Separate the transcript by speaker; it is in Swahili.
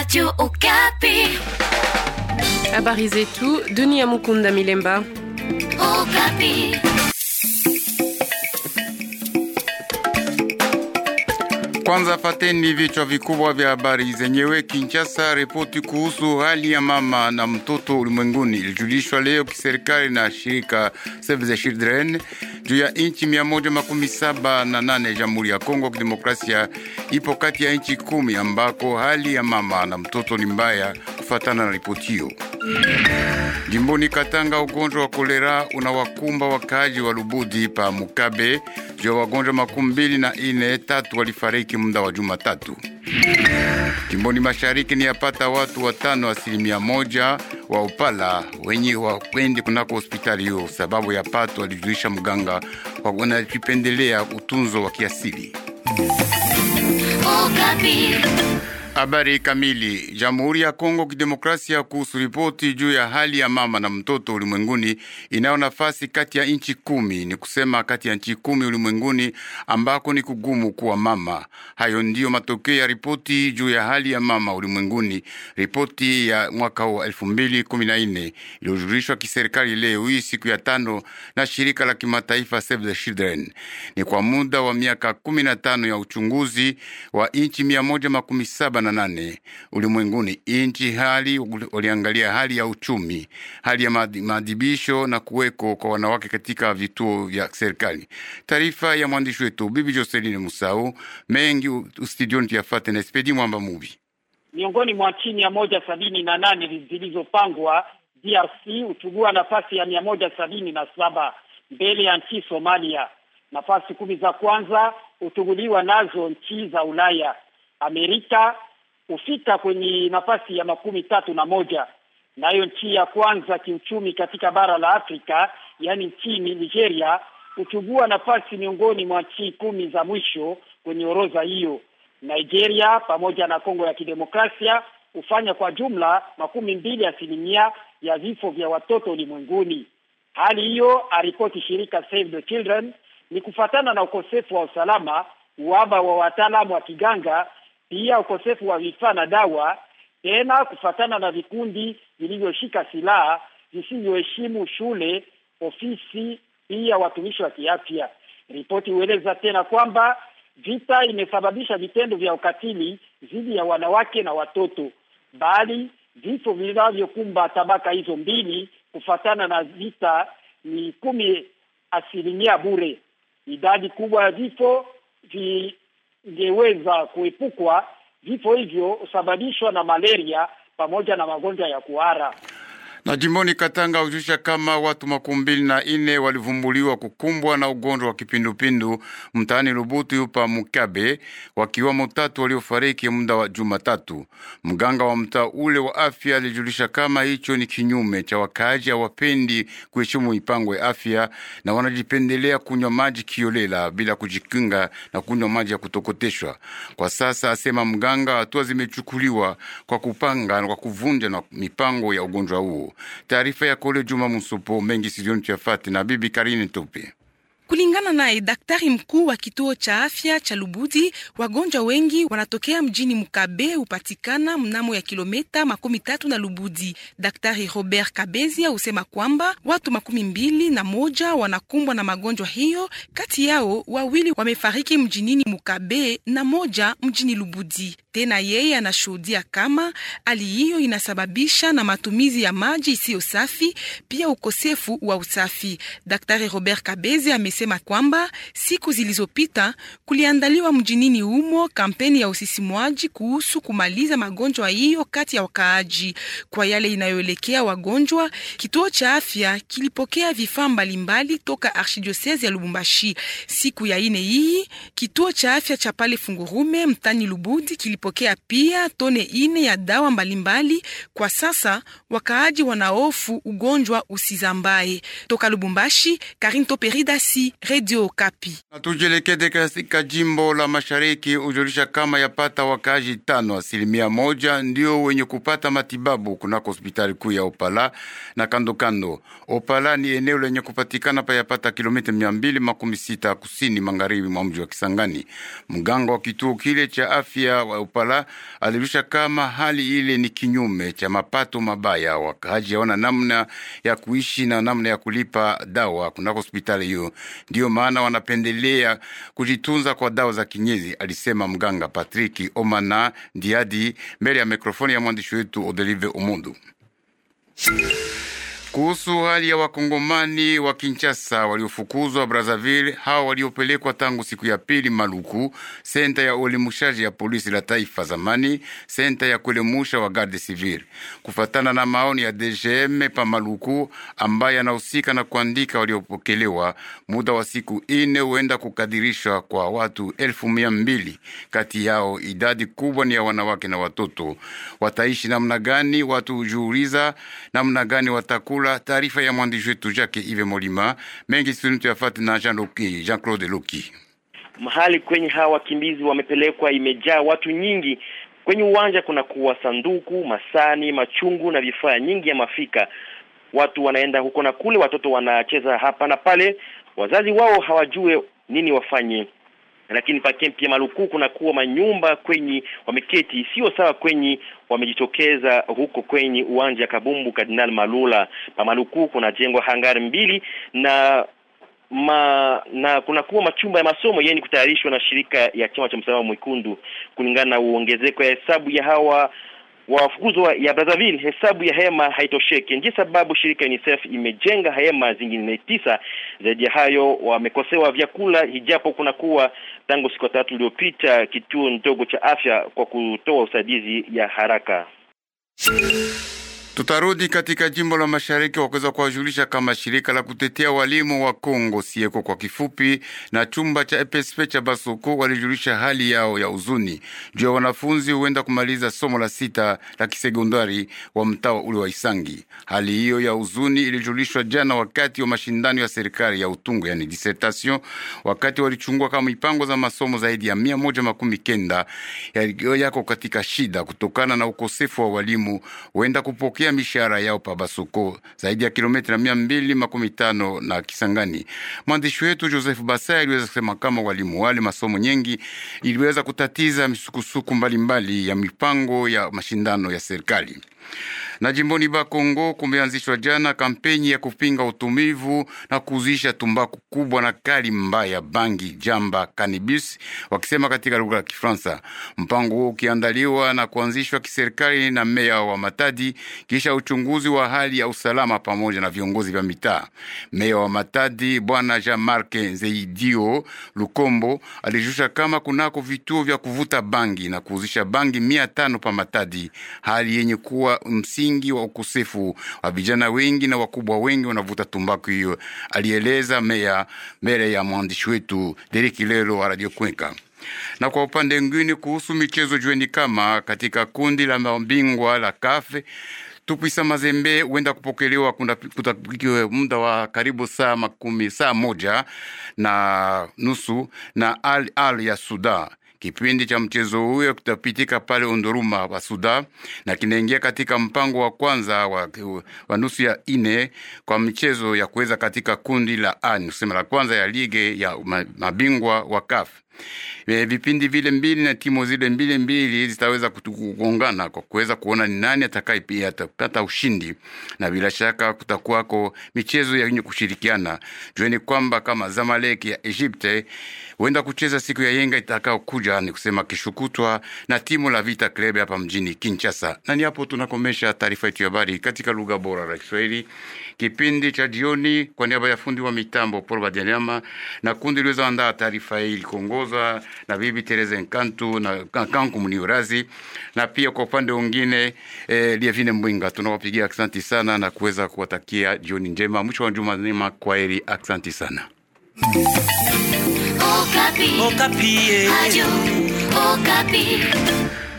Speaker 1: Radio Okapi. Habari zetu, Dunia Mukunda Milemba. Okapi.
Speaker 2: Kwanza fateni vichwa vikubwa vya habari zenyewe. Kinshasa, ripoti kuhusu hali ya mama na mtoto ulimwenguni ilijulishwa leo kiserikali na shirika Save the Children juu ya inchi 178 nane. Jamhuri ya Kongo Kidemokrasia ipo kati ya inchi kumi ambako hali ya mama na mtoto ni mbaya, kufatana na ripoti hiyo. Jimboni Katanga, ugonjwa wa kolera unawakumba wakaaji wa Lubudi pa Mukabe, juu ya wagonjwa makumi mbili na ine, tatu walifariki muda wa Jumatatu. Jimboni mashariki ni yapata watu watano asilimia moja wa upala wenye wakwende kunako hospitali hiyo sababu ya pato, alijulisha mganga kwa kipendelea utunzo wa kiasili. Oh, Habari kamili. Jamhuri ya Kongo Kidemokrasia kuhusu ripoti juu ya hali ya mama na mtoto ulimwenguni inayo nafasi kati ya nchi kumi, ni kusema kati ya nchi kumi ulimwenguni ambako ni kugumu kuwa mama. Hayo ndiyo matokeo ya ripoti juu ya hali ya mama ulimwenguni, ripoti ya mwaka wa 2014 iliyojulishwa kiserikali leo hii siku ya tano na shirika la kimataifa Save the Children. Ni kwa muda wa miaka 15 ya uchunguzi wa nchi 117 nane ulimwenguni, inchi hali waliangalia hali ya uchumi, hali ya maadhibisho na kuweko kwa wanawake katika vituo vya serikali. Taarifa ya mwandishi wetu Bibi Joseline Musau. Mengi studioni tuyafate na Spedi Mwamba Mubi.
Speaker 3: Miongoni mwa chini ya moja sabini na nane zilizopangwa DRC huchugua nafasi ya mia moja sabini na saba mbele ya nchi Somalia. Nafasi kumi za kwanza huchuguliwa nazo nchi za Ulaya, Amerika, kufika kwenye nafasi ya makumi tatu na moja nayo nchi ya kwanza kiuchumi katika bara la Afrika, yaani nchini Nigeria, kuchugua nafasi miongoni mwa nchi kumi za mwisho kwenye orodha hiyo. Nigeria pamoja na Kongo ya Kidemokrasia hufanya kwa jumla makumi mbili asilimia ya vifo vya watoto ulimwenguni. Hali hiyo, aripoti shirika Save the Children, ni kufatana na ukosefu wa usalama, uhaba wa wataalamu wa kiganga pia ukosefu wa vifaa na dawa, tena kufatana na vikundi vilivyoshika silaha visivyoheshimu shule, ofisi, pia watumishi wa kiafya. Ripoti hueleza tena kwamba vita imesababisha vitendo vya ukatili dhidi ya wanawake na watoto, bali vifo vinavyokumba tabaka hizo mbili kufatana na vita ni kumi asilimia bure. Idadi kubwa ya vifo ingeweza kuepukwa vifo hivyo husababishwa na malaria pamoja na magonjwa ya kuhara.
Speaker 2: Na jimboni Katanga ujusha kama watu makumi mbili na ine walivumbuliwa kukumbwa na ugonjwa wa kipindupindu mtaani Lubutu yupa Mukabe, wakiwamo tatu waliofariki muda wa Jumatatu. Mganga wa mtaa ule wa afya alijulisha kama hicho ni kinyume cha wakaaji, hawapendi kuheshimu mipango ya afya na wanajipendelea kunywa maji kiolela bila kujikinga na kunywa maji ya kutokoteshwa. Kwa sasa, asema mganga, hatua zimechukuliwa kwa kupanga na kwa kuvunja na mipango ya ugonjwa huo. Taarifa ya Kole Juma Musupo mengi sizioni tuyafate na Bibi Karine Tope.
Speaker 1: Kulingana naye daktari mkuu wa kituo cha afya cha Lubudi, wagonjwa wengi wanatokea mjini Mukabe hupatikana mnamo ya kilometa makumi tatu na Lubudi. Daktari Robert Kabezia husema kwamba watu makumi mbili na moja wanakumbwa na magonjwa hiyo, kati yao wawili wamefariki mjinini Mukabe na moja mjini Lubudi. Tena yeye anashuhudia kama hali hiyo inasababisha na matumizi ya maji isiyo safi, pia ukosefu wa usafi. Daktari Robert Kabezia amesema amesema kwamba siku zilizopita kuliandaliwa mjinini humo kampeni ya usisimwaji kuhusu kumaliza magonjwa hiyo kati ya wakaaji. Kwa yale inayoelekea wagonjwa, kituo cha afya kilipokea vifaa mbalimbali toka archidiosese ya Lubumbashi. Siku ya ine hii kituo cha afya cha pale Fungurume mtani Lubudi kilipokea pia tone ine ya dawa mbalimbali mbali. Kwa sasa wakaaji wanaofu ugonjwa usizambae. Toka Lubumbashi, Karinto Peridasi, Radio Kapi.
Speaker 2: Na katika jimbo la mashariki ujulisha kama yapata wakaji tano asilimia moja ndio wenye kupata matibabu kunako hospitali kuu ya Opala na kando kando. Opala ni eneo lenye kupatikana pa yapata kilomita mia mbili makumi sita kusini magharibi mwa mji wa Kisangani. Mganga wa kituo kile cha afya wa Opala alijulisha kama hali ile ni kinyume cha mapato mabaya, wakaji hawana namna ya kuishi na namna ya kulipa dawa kunako hospitali hiyo Ndiyo maana wanapendelea kujitunza kwa dawa za kinyezi, alisema mganga Patrick Omana Ndiadi mbele ya mikrofoni ya mwandishi wetu Odelive Omundu kuhusu hali ya wakongomani wa Kinshasa waliofukuzwa Brazzaville, hao waliopelekwa tangu siku ya pili Maluku, senta ya uelimushaji ya polisi la taifa zamani, senta ya kuelimusha wa garde civil, kufatana na maoni ya DGM pa Maluku ambaye anahusika na kuandika waliopokelewa. Muda wa siku ine huenda kukadirishwa kwa watu elfu mia mbili, kati yao idadi kubwa ni ya wanawake na watoto. Wataishi namna gani? Watu hujiuliza namna gani watakula kula taarifa ya mwandishi wetu Jacques Ive Molima mengi tunatuyafuata na Jean Loki, Jean Claude Loki.
Speaker 3: Mahali kwenye hawa wakimbizi wamepelekwa imejaa watu nyingi. Kwenye uwanja kuna kuwa sanduku, masani, machungu na vifaa nyingi ya mafika. Watu wanaenda huko na kule, watoto wanacheza hapa na pale, wazazi wao hawajue nini wafanye lakini pa kempi ya Maluku kuna kuwa manyumba kwenye wameketi sio sawa kwenye wamejitokeza huko kwenye uwanja Kabumbu Kardinal Malula pa Maluku kuna jengo hangari mbili na ma na kuna kuwa machumba ya masomo ni kutayarishwa na shirika ya chama cha msalaba mwekundu kulingana na uongezeko ya hesabu ya hawa wafukuzwa ya Brazzaville, hesabu ya hema haitosheki. Ndiyo sababu shirika UNICEF imejenga hema zingine tisa. Zaidi ya hayo, wamekosewa vyakula, hijapo kuna kuwa tangu siku tatu iliyopita kituo ndogo cha afya kwa kutoa usaidizi ya
Speaker 2: haraka Tutarudi katika jimbo la mashariki wakuweza kuwajulisha kama shirika la kutetea walimu wa Kongo sieko kwa kifupi, na chumba cha EPSP cha Basoko walijulisha hali yao ya uzuni juu ya wanafunzi huenda kumaliza somo la sita la kisekondari wa mtawa ule wa Isangi. Hali hiyo ya uzuni ilijulishwa jana wakati wa mashindano ya serikali ya utungu yani dissertation, wakati walichungua kama mipango za masomo zaidi ya mia moja makumi kenda yako katika shida kutokana na ukosefu wa walimu huenda kupokea kupitia mishahara yao pa basuko zaidi ya kilomita mia mbili makumi tano na Kisangani. Mwandishi wetu Joseph Basai aliweza kusema kama walimu wale masomo nyingi iliweza kutatiza misukusuku mbalimbali mbali ya mipango ya mashindano ya serikali. Na jimboni Bakongo kumeanzishwa jana kampeni ya kupinga utumivu na kuuzisha tumbaku kubwa na kali mbaya, bangi, jamba, cannabis, wakisema katika lugha ya Kifaransa. Mpango huo ukiandaliwa na kuanzishwa kiserikali na meya wa Matadi kisha uchunguzi wa hali ya usalama pamoja na viongozi vya mitaa. Meya wa Matadi Bwana Jean-Marc Zeidio Lukombo alijusha kama kunako vituo vya kuvuta bangi na kuuzisha bangi mia tano pa Matadi, hali yenye kuwa msingi wingi wa ukosefu wa vijana wengi na wakubwa wengi wanavuta tumbaku hiyo, alieleza meya mbele ya mwandishi wetu Deriki Lelo wa Radio Kwenka na kwa upande mwingine kuhusu michezo jueni, kama katika kundi la mabingwa la kafe tupisa Mazembe huenda kupokelewa kutapikiwe muda wa karibu saa makumi saa moja na nusu na Al Al ya Sudan. Kipindi cha mchezo huyo kitapitika pale Unduruma wa Suda na kinaingia katika mpango wa kwanza wa, wa nusu ya ine kwa mchezo ya kuweza katika kundi la A, kusema la kwanza ya lige ya mabingwa wa kafu Eh, vipindi vile mbili na timu zile mbili mbili zitaweza kugongana kwa kuweza kuona ni nani atakaye pia atapata ushindi, na bila shaka kutakuwako michezo yenye kushirikiana. Jueni kwamba kama Zamalek ya Egypte huenda kucheza siku ya yenga itakayokuja, ni kusema kishukutwa na timu la Vita Club hapa mjini Kinshasa. Na ni hapo tunakomesha taarifa yetu ya habari katika lugha bora la Kiswahili kipindi cha jioni, kwa niaba ya fundi wa mitambo Paul Badeliama na kundi liweza andaa taarifa hii kongozo Mwanza na bibi Tereza Nkantu na Kankanku Muniurazi na pia kwa upande mwingine eh, Lievine Mwinga. Tunawapigia aksanti sana na kuweza kuwatakia jioni njema, mwisho wa juma nzima. Kwa heri, aksanti sana
Speaker 1: Okapi.
Speaker 3: Okapi. Eh.